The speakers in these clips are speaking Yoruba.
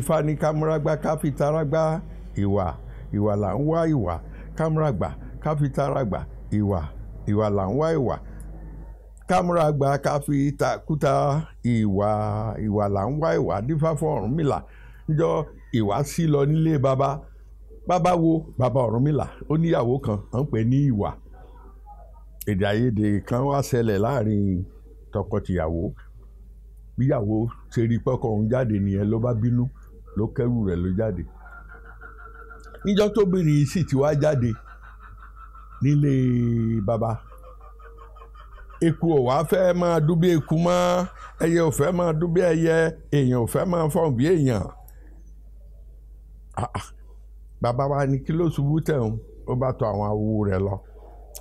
ifá ní kámúrágbá ká fi tara gbá ìwà ìwà là ń wá ìwà kámúrágbá ká fi tara gbà ìwà ìwà là ń wá ìwà kámúrágbá ká fi takúta ìwà ìwà là ń wá ìwà dífá fún Ọ̀rúnmìlà níjọ́ ìwà sí lọ nílé bàbá bàbá wo bàbá Ọ̀rúnmìlà ó níyàwó kan à ń pè ní ìwà èdè àìyedè kan wá ṣẹlẹ̀ láàrin tọkọtìyàwó bíyàwó ṣe rí pẹ́kọ̀ọ́ òun jáde nìyẹn ló bá bínú ló kẹ́rù rẹ̀ ló jáde níjọ́ tóbìnrin yìí sì ti wá jáde nílé baba eku ò wá fẹ́ máa dúbí eku mọ́ ẹyẹ ò fẹ́ máa dúbí ẹyẹ èèyàn ò fẹ́ máa fọ̀n bí èèyàn ah, ah, bàbá wa ní kí ló ṣubú tẹ̀hún ó bá tọ̀ àwọn awo rẹ̀ lọ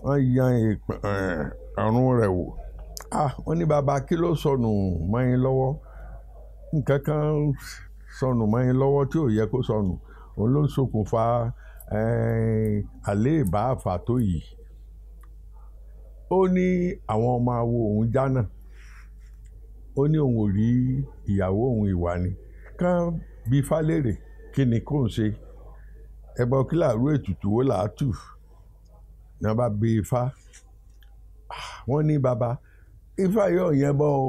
wọ́n yan eh, ọ̀run rẹ̀ wò ah, wọ́n ní baba kí ló sọnù mọ́yìn lọ́wọ́ nǹkan kan sọnù mọ́ yín lọ́wọ́ tí ò yẹ kó sọnù òun ló ṣokùnfà eh, àléèbá àfàtó yìí ó ní àwọn ọmọ awo òun jánà ó ní òun ò rí ìyàwó òun ìwà ni kán bíi fálẹ́rẹ̀ kí ni kò ń ṣe ẹ̀bọ kí làárú ètùtù wo làá ní wọ́n bá bí ifá ah, wọ́n ní baba ifá yóò yẹn bọ o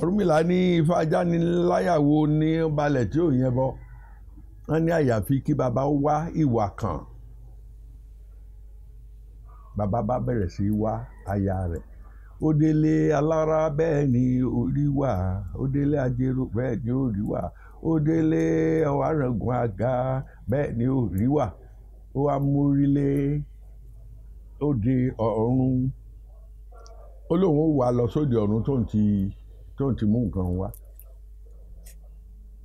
Ọ̀rúnmìlà ní ifá ajániláyàwó ní balẹ̀ tí ò yẹn bọ wọ́n ní àyàfi kí baba wá ìwà kan baba bá bẹ̀rẹ̀ sí wá aya rẹ̀ Odele alára bẹ́ẹ̀ ni orí wà òdèlé ajérò bẹ́ẹ̀ ni orí wà òdèlé ọ̀hárangún àga bẹ́ẹ̀ ni orí wà ó wá mórílé ó de ọ̀run ó lóun ó wà lọ sóde ọ̀run tó ń ti tó ń ti mú nǹkan wá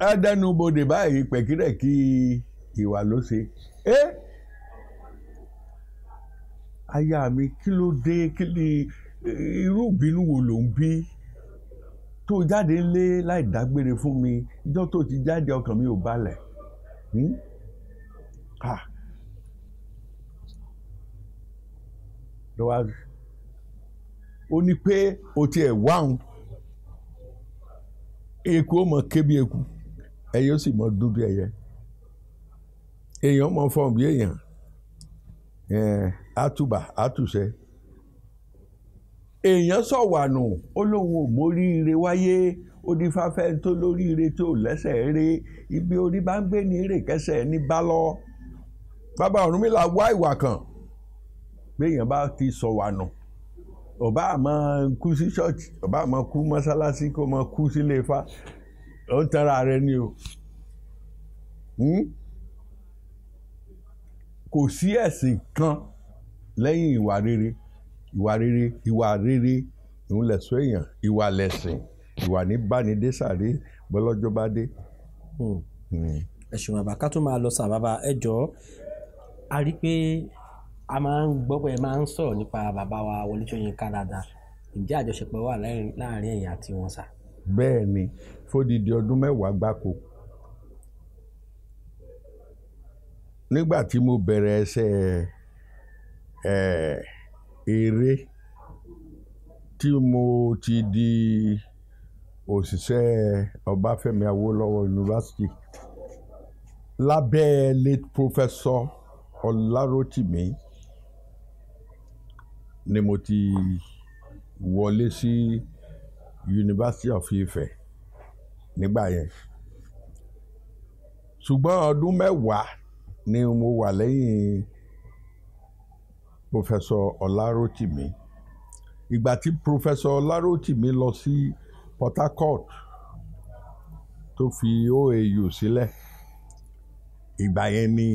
ẹdẹnubodè báyìí pẹ̀kírẹ̀kí ìwà ló ṣe é aya mi kí ló dé kí ni irú ìbínú wo ló ń bí tó jáde ńlé láì dágbére fún mi ìjọ́ tó ti jáde ọkàn mi ò balẹ̀ lọ́wọ́ ó ní pé o tiẹ̀ wáhùn eku ó mọ kébi eku ẹyẹ ó sì mọ dúdú ẹyẹ èèyàn mọ fọhùn bí èèyàn àtúbà àtúnṣe èèyàn sọ wànù ó lóun ò móríire wáyé ó ní fáfẹ́ tó lóríire tó lẹ́sẹ̀ eré ibi orí bá ń gbé ní eré kẹsẹ̀ ní bá lọ bàbá Ọ̀rúnmìlà wá ìwà kan béèyàn bá ti sọ wànù. So ọba àmọ́ kú sí ṣọ́ọ̀ṣì ọba àmọ́ kú mọ́sálásí kó mọ́ kú sílé ifá ó ń tẹ́ra rẹ ni o hmm? kò sí ẹ̀sìn kan lẹ́yìn ìwà rere ìwà rere ìwà rere òun lẹ̀sọ́ èèyàn ìwà lẹ̀sìn ìwà ní bánidé sàré bọ́lọ́jọ́ bá dé. Hmm. Hmm. ẹ̀sùn bàbá ká tó máa lọ sàn bàbá ẹ jọ̀ọ́ a rí i pé a máa ń gbọ́ pé ẹ máa ń sọ̀rọ̀ nípa bàbá wa Wọlé Ṣóyínká dáadáa ǹjẹ́ àjọṣepọ̀ wà láàrin ẹ̀yin àti wọn sà. bẹ́ẹ̀ ni fódìdí ọdún mẹ́wàá gbáko nígbà tí mo bẹ̀rẹ̀ ẹsẹ̀ ẹ̀ eré tí mo ti di òṣìṣẹ́ Ọbáfẹ́mi Awólọ́wọ̀ yunifásitì lábẹ́ late professor Ọlárótìmí ni mo ti wọlé sí University of Ife nígbà yẹn ṣùgbọ́n ọdún mẹ́wàá ni mo wà lẹ́yìn Professor Ọlárótìmí ìgbà tí Professor Ọlárótìmí lọ sí Port Harcourt tó fi OAU sílẹ̀ ìgbà yẹn ni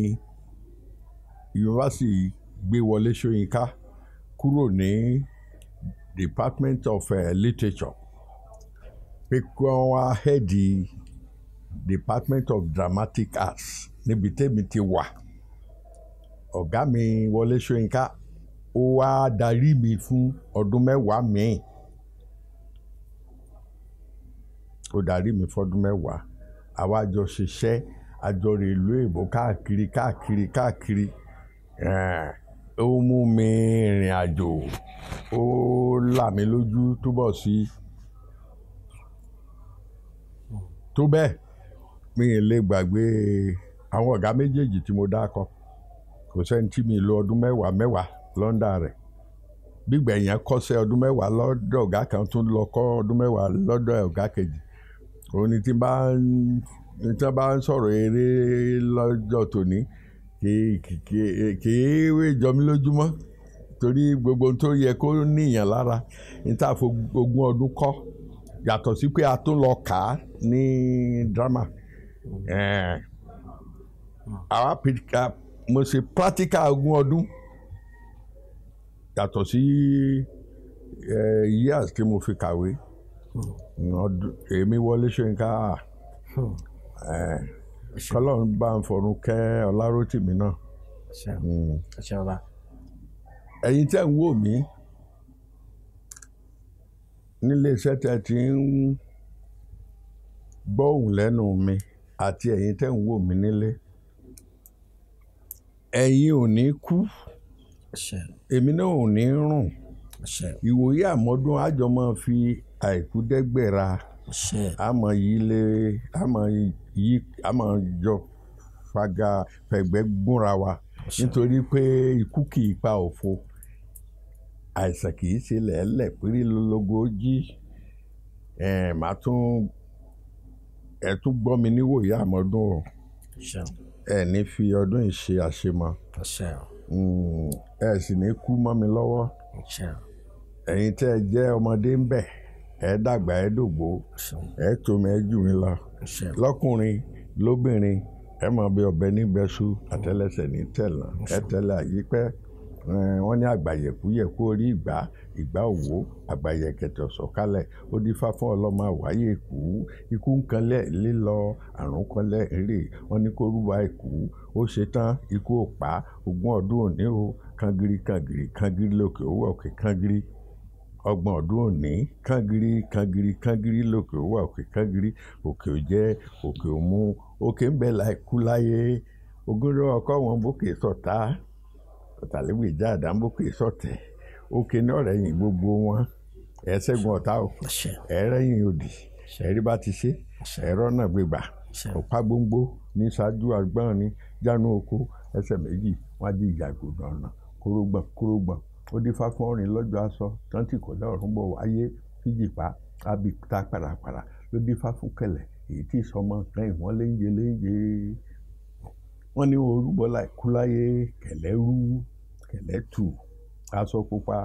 yunifásitì gbé wọlé Ṣóyínká kúrò ní department of uh, literature pé kí wọ́n wá hẹ́ẹ̀dì department of dramatic arts níbi tẹ́mi ti wà ọ̀gá mi Wọlé Ṣóyínká ó wá darí mi fún ọdún mẹ́wàá míì ó darí mi fọdún mẹ́wàá àwa jọ ṣiṣẹ́ àjọrò ìlú èbó káàkiri káàkiri káàkiri. Eh. ó mú mi rìnrìn àjò ó là mí lójú túbọ̀ sí i tó bẹ́ẹ̀ mi ì lè gbàgbé àwọn ọ̀gá méjèèjì tí mo dákọ kò sẹ́ni tí mi lo ọdún mẹ́wàá mẹ́wàá lọ́ndà rẹ̀ gbígbẹ̀yìn kọ́ṣẹ́ ọdún mẹ́wàá kan tún lọ kọ́ ọdún mẹ́wàá lọ́dọ̀ kejì òun ni tí bá ń sọ̀rọ̀ eré lọ́jọ́ tòní kì í wé jọmí lójúmọ́ torí gbogbo tó yẹ kó níyàn lára níta ogún ọdún kọ́ yàtọ̀ sí pé a tún lọ kà á ní drama àwa mo ṣe practical ogún ọdún yàtọ̀ sí years tí mo fi kàwé hmm. èmi wọlé ṣe ń ká kọ́lọ́run bá ń fọ̀run kẹ́ Ọláròtìmí náà. Hmm. ẹ̀yin tẹ́ ń wò mí nílé iṣẹ́ tẹ́ ti ń gbóhùn lẹ́nu mi àti ẹ̀yin tẹ́ ń wò mí nílé ẹ̀yin ò ní kú èmi náà ò ní rùn ìwòye àmọ́dún àjọmọ́ fi àìkú dẹ́gbẹ̀ra àmọ́ yìí lé àmọ́ yìí yí a máa jọ faga fẹ̀gbẹ́ gúnra wa nítorí pé ikú kì í pa òfo àìsàn kì í ṣe lẹ́ẹ̀lẹ̀ pírí lólogo jí màá tún ẹ tún gbọ́ mi níwò ìyá àmọ́dún o ẹ ní fi ọdún yìí ṣe àṣemọ hmm, ẹ sì ní kú mọ́ mi lọ́wọ́ ẹ̀yin tẹ́ ẹ jẹ́ ọmọdé ń bẹ̀. ẹ dàgbà ẹ dògbò ẹ tó ẹ jù mí lọkùnrin lóbìnrin ẹ mọ bí ọbẹ níbẹsù àtẹ́lẹsẹ̀ ní tẹ̀là ẹ tẹ̀lé àyípẹ wọn ní àgbàyẹkú yẹkú orí ìgbà ìgbà òwò àgbàyẹkẹtẹ sọ̀kalẹ̀ ó di fá fún ọlọmọ àwáyé ikú ikú nkanlẹ lílọ àrùn kanlẹ rè wọn ní kó rúwa ikú ó ṣe ikú ò ogún ọdún òní o kangiri kangiri kangiri lókè owó òkè kangiri. ọgbọ̀n ọdún òní kagiri kagiri kagiri lòkè ó òkè kagiri òkè ó òkè ó òkè ń bẹ láìkú láyé ogúnrẹ́ ọkọ wọn bókè sọta ọ̀tàlẹ́wì bókè òkè ní ọ̀rẹ́ yìí gbogbo wọn ẹ ọ̀tá o òdì bá ti ṣe gbégbà ọ̀pá gbóngbó ó dífá fún ọrìn lọ́jọ́ aṣọ tọ́ntì kọjá ọ̀run bọ̀ wáyé fíjìpá abìta parapara ló dífá fún kẹlẹ̀ èyí tí sọmọ kẹyìn wọn léńjẹ léńjẹ wọn ní orúbọ láìkú láyé kẹlẹ rú kẹlẹ tù aṣọ pupa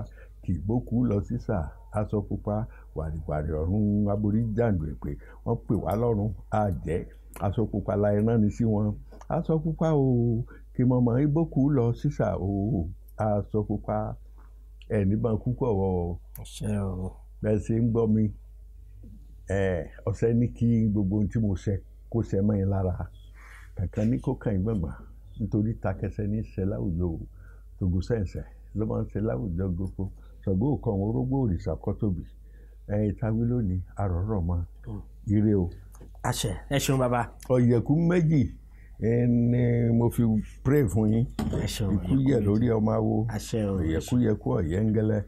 kì í gbókù lọ sísà aṣọ pupa wàrìwàrì ọ̀run aboríjàǹdù èpè wọ́n pè wá lọ́rùn àjẹ́ aṣọ pupa la iná ni sí wọn aṣọ pupa o kì mọ̀mọ́ igbókù lọ sísà o aṣọ pupa. ẹni máa kú kọ̀ wọ́ o bẹ́ẹ̀ ń gbọ́ mi ọsẹ ní kí gbogbo ohun tí mo sẹ kó sẹ mọ́ lára kankan ní kó kàn yín gbọ̀ngbà nítorí takẹsẹ ní ṣe láwùjọ tògó sẹ́ǹsẹ̀ ló máa ń ṣe láwùjọ gbogbo òrìṣà táwí lónìí hmm. ire o. àṣẹ ẹ ṣeun ni mo fi pray fún yín ikú yẹ lórí ọmọ awo ìyẹkúyẹkú ọ̀yẹ́ngẹ́lẹ́.